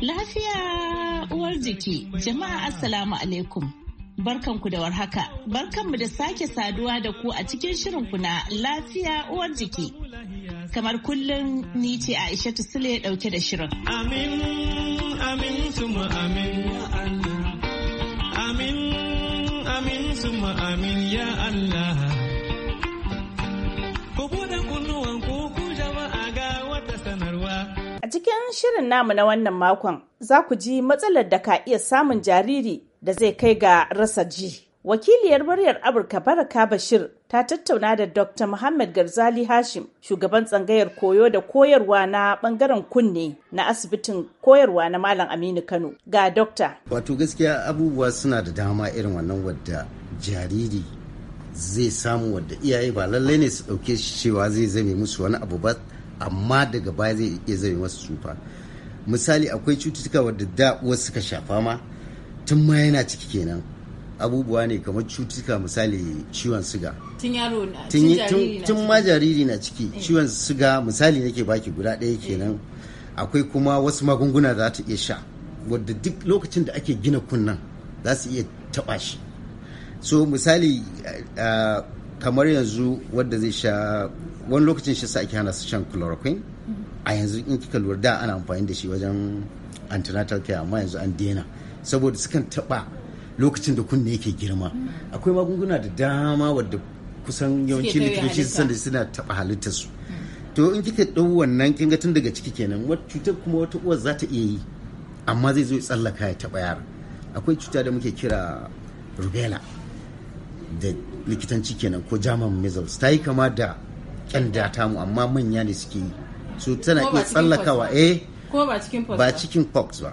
Lafiya uwar jiki, jama'a Assalamu alaikum. Barkanku da warhaka, barkanmu da sake saduwa da ku a cikin shirinku na lafiya uwar jiki. Kamar kullum ni ce Aisha Sule dauke da shirin. Amin, amin, suma amin, Amin, amin, suma amin, ya Allah. Ku shirin namu na wannan makon za ku ji matsalar da ka iya samun jariri da zai kai ga rasa ji. Wakiliyar muryar Amurka Baraka Bashir ta tattauna da Dr. Muhammad Garzali Hashim, shugaban tsangayar koyo da koyarwa na bangaren kunne na asibitin koyarwa na Malam Aminu Kano ga Dokta. Wato gaskiya abubuwa suna da dama irin wannan wadda jariri zai samu wadda iyaye ba lallai ne su ɗauke shi cewa zai zame musu wani abu ba amma daga baya zai iya zai masu tsufa misali akwai cututtuka wadda da wasu suka shafa ma tun ma yana ciki kenan abubuwa ne kamar cututtuka misali ciwon suga tun ma jariri na ciki eh. ciwon suga misali nake baki guda ɗaya eh. kenan akwai kuma wasu magunguna za ta iya sha wadda duk lokacin da ake gina kunnan za su iya taɓa shi so misali eh, kamar yanzu wadda zai sha wani lokacin shi sa ake hana su shan chloroquine a yanzu in kika lura da ana amfani da shi wajen antenatal care amma yanzu an daina saboda sukan taba lokacin da kunne yake girma akwai magunguna da dama wadda kusan yawanci likitoci su da suna taba halittar su to in kika dau wannan kinga tun daga ciki kenan wata cutar kuma wata uwa za ta iya yi amma zai zo tsallaka ya taba yara akwai cuta da muke kira rubella da likitanci kenan ko german measles ta yi kama da kyanda ta mu amma manya ne suke yi su tana iya tsallakawa eh ba cikin pox ba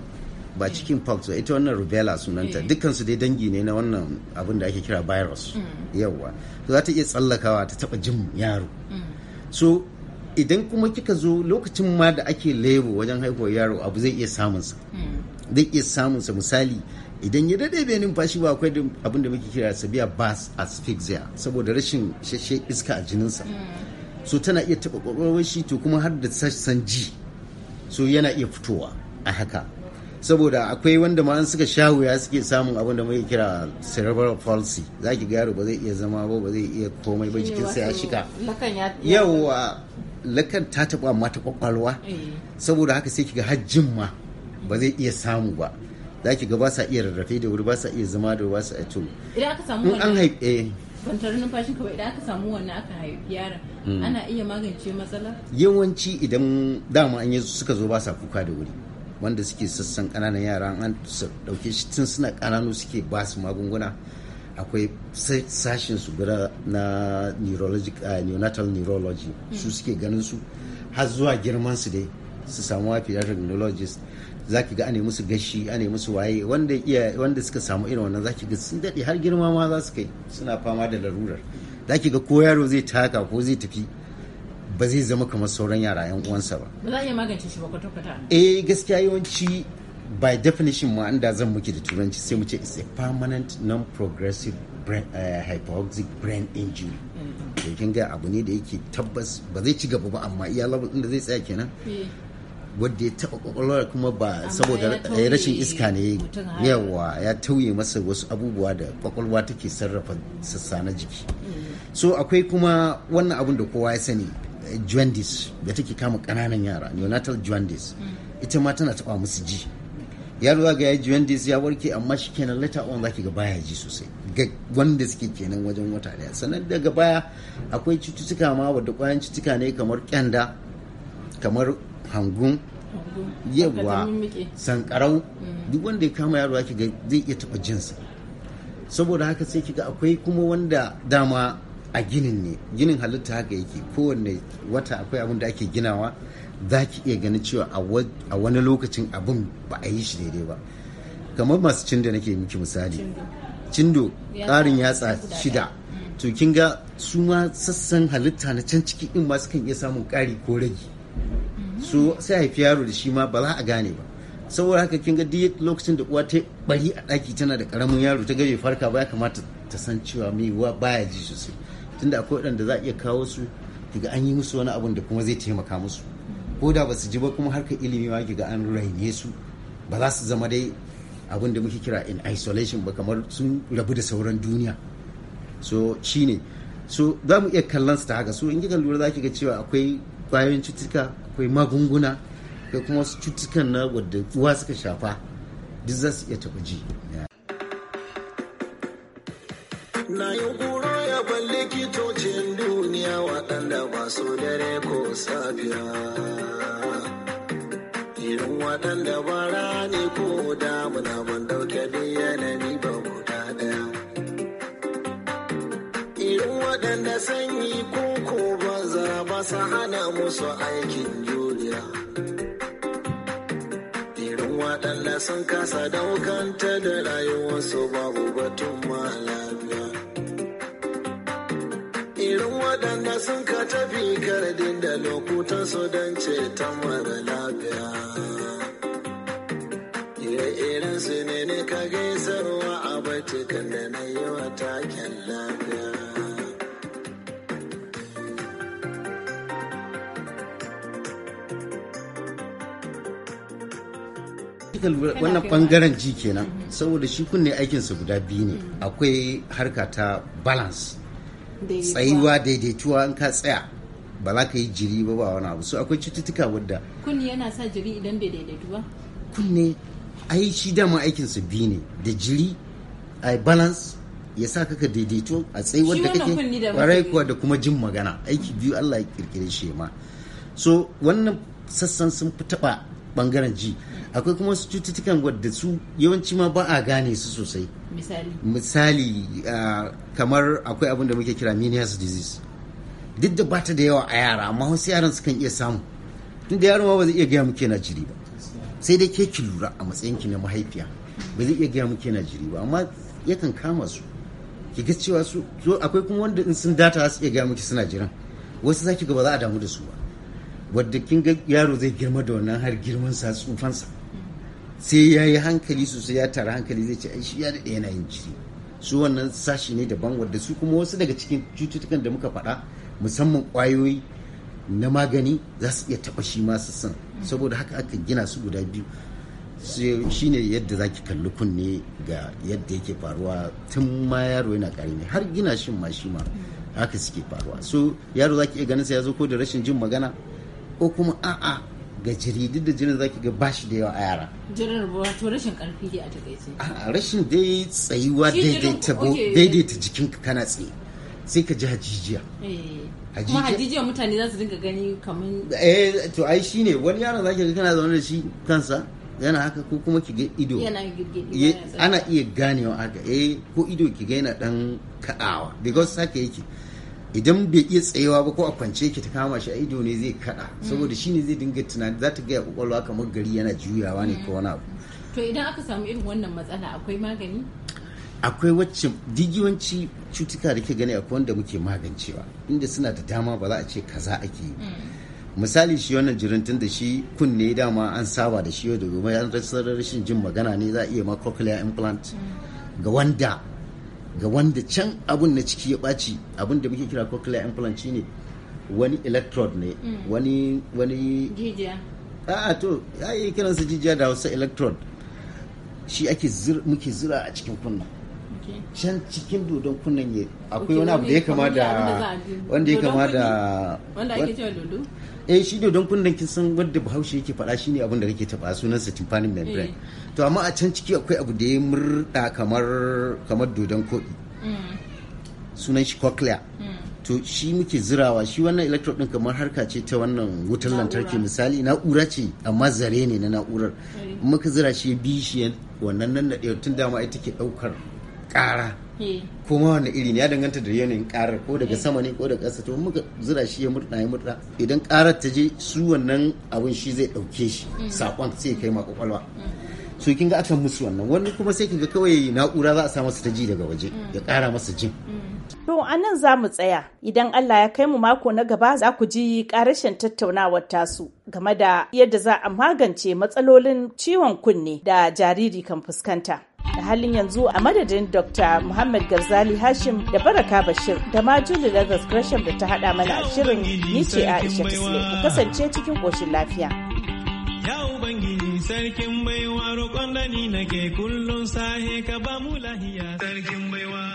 ba cikin pox ba eh. ita wannan rubella sunanta eh. dukkan dai dangi ne na wannan abin da ake kira virus mm. yawa za ta iya tsallakawa ta taba jin yaro mm. so idan kuma kika zo lokacin ma da ake lebo wajen haihuwar yaro abu zai iya samunsa mm. zai iya samunsa misali idan ya dade bai numfashi ba akwai abin da muke kira sabiya bas asphyxia saboda rashin shashe iska a jininsa mm. so tana iya taba kwakwalwar shi to kuma har da sassan ji so yana iya fitowa a haka saboda akwai wanda ma an suka sha wuya suke samun abin da muke kira cerebral palsy za ki yaro ba zai iya zama ba ba zai iya komai ba jikinsa ya shika yawa lakan ta taba mata kwakwalwa eh. saboda haka sai kiga hajjin ma ba zai iya samu ba da ki ga ba sa iya rarrafe da wuri ba sa iya zama da ba sa iya to idan aka samu wannan an haife kwantar eh. numfashin kawai idan aka samu wannan aka haifi yaron hmm. ana iya magance matsala yawanci idan dama an yi suka zo ba sa kuka da wuri wanda suke sassan kananan yara an dauke shi tun suna kananu suke ba su magunguna akwai sashen su guda na neonatal neurology su hmm. suke ganin su har zuwa girman su dai su samu wafi neurologist za ki ga ana musu gashi ana musu waye wanda iya wanda suka samu irin wannan za ki ga sun daɗe har girma ma za su kai suna fama da larurar za ki ga ko yaro zai taka ko zai tafi ba zai zama kamar sauran yara yan uwansa ba ba za a iya magance shi ba kwata-kwata eh gaskiya yawanci by definition ma inda zan muke da turanci sai mu ce it's a permanent non-progressive brain, uh, hypoxic brain injury mm-hmm. to kin ga abu ne da yake tabbas ba zai ci gaba ba amma iya labar da zai tsaya kenan eh. wadda ya taba kwakwalwar kuma ba saboda eh, rashin iska ne yawa ya tauye masa wasu abubuwa da kwakwalwa take sarrafa sassa na jiki mm. so akwai kuma wannan abin da kowa ya sani eh, jaundice da take kama kananan yara neonatal jaundice mm. ita ma tana taba musu ji yaro ga ya jaundice ya warke amma shi kenan later on zaki ga baya ji sosai ga wanda suke kenan wajen wata daya sannan daga baya akwai cututtuka ma wadda kwayan cututtuka ne kamar kyanda kamar hangun yawa sankarau mm. duk wanda ya kama yaro ake zai iya taɓa jinsa saboda haka sai kiga akwai kuma wanda dama a ginin ne ginin halitta haka yake kowanne wata akwai abin da ake ginawa za ki iya ganin cewa a wani lokacin abin ba a yi shi daidai ba kamar masu cindo nake miki misali cindo ƙarin yatsa shida mm. to kin ga su ma sassan halitta na can ciki in ma sukan iya samun ƙari ko rage su sai haifi yaro da shi ma ba za a gane ba saboda haka kin ga duk lokacin da uwa ta bari a daki tana da karamin yaro ta gaje farka ba ya kamata ta san cewa mai uwa baya ji sosai tunda akwai waɗanda za a iya kawo su kiga an yi musu wani abun da kuma zai taimaka musu ko da ba su ji ba kuma harkar ilimi ma kiga an raine su ba za su zama dai abin da muke kira in isolation ba kamar sun rabu da sauran duniya so shine so za mu iya kallon su ta haka so in kika lura za ki ga cewa akwai kwayoyin cututtuka akwai magunguna da kuma wasu cutukan na wadda uwa suka shafa duk za su iya taɓa ji. Na yi kura ya ban likitocin duniya waɗanda su dare ko safiya. Irin waɗanda ba rani ko damuna ban ɗauke da yanayi ba guda ɗaya. Irin waɗanda sanyi ko kuma hana musu aikin juriya irin waɗanda sun kasa daukanta da rayuwarsu babu batun ma lafiya irin waɗanda sun ka tafi kardin da lokutansu don ceton mara lafiya ire-iren ne ne ka gaisarwa a bacci kan da na yi wa taken lafiya ka wannan bangaren ji kenan saboda shi kunne aikinsa guda biyu ne akwai harka ta balance tsayuwa daidaituwa in ka tsaya ba za ka yi jiri ba ba wani abu so akwai cututtuka wadda kunne yana sa jiri idan bai daidaitu ba kunne ai shi dama aikinsa biyu ne da jiri a balance ya sa kaka daidaito a tsayuwar da kake kwarai kuwa da kuma jin magana aiki biyu Allah ya kirkire shi ma so wannan sassan sun fi taba bangaren ji akwai kuma wasu cututtukan wadda su yawanci ma ba a gane su sosai misali misali kamar akwai abin da muke kira menias disease duk da bata da yawa a yara amma wasu yaran sukan iya samu tun da yaron ma ba zai iya gaya muke na jiri ba sai dai ke ki lura a matsayin ki na mahaifiya ba zai iya gaya muke na jiri ba amma yakan kama su ki ga cewa su akwai kuma wanda in sun data su iya gaya muke suna jiran wasu zaki ga ba za a damu da su ba wadda kin ga yaro zai girma da wannan har girman sa tsufansa sai ya yi hankali sosai ya tara hankali zai ce shi ya daɗe yana yin jiri su wannan sashi ne daban wadda su kuma wasu daga cikin cututtukan da muka faɗa musamman ƙwayoyi na magani za su iya taɓa shi masu san saboda haka aka gina su guda biyu shi ne yadda za ki kalli kunne ga yadda yake faruwa tun ma yaro yana ne har gina shin ma shi ma haka suke faruwa so yaro za ki iya ganin sa ya zo ko da rashin jin magana ko kuma a'a ga jiri duk da jirin zaki ga bashi da yawa a yara jirin to rashin karfi dai a takaice a rashin dai tsayuwa daidai daidai ta jikinka kana tsaye sai ka ji hajijiya eh, kuma hajijiya mutane za su dinga gani kamar eh to ai shine wani yaron zaki ga kana zaune da shi kansa yana haka ko kuma ki ga ido ana iya ganewa haka eh ko ido ki ga yana dan kadawa because haka yake idan bai iya tsayewa ba ko a kwance ki ta kama shi a ido ne zai kada mm. saboda shine zai dinga tunani za ta gaya kwakwalwa kamar gari yana juyawa ne ko wani abu to idan aka samu irin wannan matsala akwai magani akwai wacce digiwanci cutuka da ke gani akwai wanda muke magancewa inda suna da dama ba za a ce kaza ake yi mm. misali shi wannan jirintun da shi kunne dama an saba da shi yau da gobe an rashin jin magana ne za a iya ma cochlear implant mm. ga wanda ga wanda can abun na ciki ya ɓaci abun da muke kira cochlear implant ne wani electrode ne mm. wani wani jijiya a to ya yi kiransa jijiya da hausa electrode shi ake muke zira a cikin kunna can cikin dodon kunnen ya akwai wani abu da ya kama da wanda ya kama da wanda ake cewa dodo eh shi dodon kunnen kin san wanda bahaushe yake faɗa shine abin da kake taɓa sunan sa timpanin membrane eh. to amma a can ciki akwai abu da ya murda kamar kamar dodon koɗi mm. sunan shi cochlea mm. to shi muke zirawa shi wannan electrode din kamar harka ce ta wannan wutar lantarki misali na'ura ce amma zare ne na na'urar eh. muka zira shi bi shi wannan nan da tun dama ita ke daukar ƙara kuma wani iri ne ya danganta da yanayin karar ko daga sama ne ko daga ƙasa to muka zira shi ya murɗa ya murɗa idan ƙarar ta je su wannan abin shi zai ɗauke shi mm. saƙon sai kai ma ƙwaƙwalwa mm. so kin ga aka musu wannan wani kuma sai kin ga kawai na'ura za a sa masa ta ji daga waje mm. ya ƙara masa jin To a nan za mu tsaya idan Allah ya kai mu mako na gaba za ku ji karashin tattaunawar tasu game da yadda za a magance matsalolin ciwon kunne da jariri kan fuskanta. da halin yanzu a madadin Dr. Muhammad Garzali Hashim da Baraka Bashir da ma Julie Lazarus Gresham da ta hada mana shirin ni ce Aisha Tisle ku kasance cikin koshin lafiya. Ya Ubangiji sarkin baiwa roƙon da ni nake kullum sahe ka ba mu lahiya sarkin baiwa.